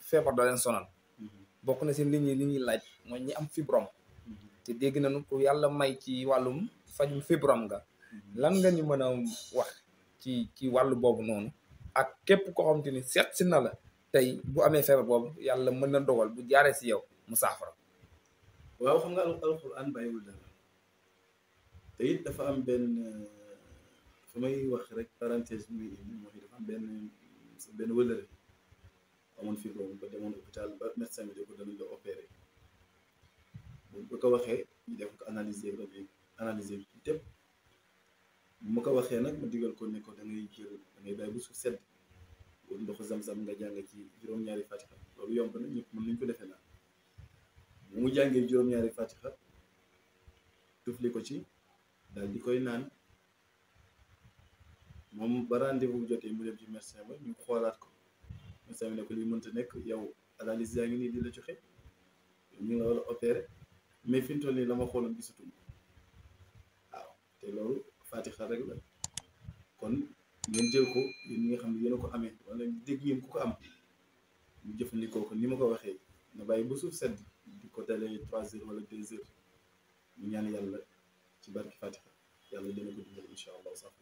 feebar da leen sonal mhm. bokk na si nit ñi li ñuy laaj mooy ñi am fibrom mhm. te dégg na nu ko yàlla may ci wàllum fajum fibrom nga mhm. lan nga ñu mën a wax ci ci wàllu boobu noonu ak képp ko xamante ni seet si na la tey bu amee feebar boobu yàlla mën na dogal bu jaaree si yow mu saafara waaw xam nga alquran bàyyiwul dara te it dafa am benn fu may wax rek parenthèse muy mooy dafa am benn benn wëlëre amoon fibrome ba demoon hôpital ba médecin bi di ko danañ la opéré ko waxee ñu def ko analyser analyser ma ko waxee nag ma digal ko ne da ngay jël da ngay bu à sedd ndoxu zam-zam nga jàng ci juróom-ñaari fatiha loolu yomb na ñëpp mën nañ ko defee naa mu jàngee juróom-ñaari ci naan rendez-vous mu ci médecin bi ne ko lii mënta nekk yow analyse yaa ngi nii di la joxe ñu ngi la war mais fi mu toll nii la ma xooloon gisatuma waaw te loolu fatixa rek la kon ngeen jël ko yéen nga xam ne yéen a ko amee wala dégg ngeen ku ko am mu jëfandikoo ko ni ma ko waxee na bàyyi ba suuf sedd di ko dalee trois heures wala deux heures ñu ñaan yàlla ci barki fatixa yàlla dina ko dimbal incha allah sax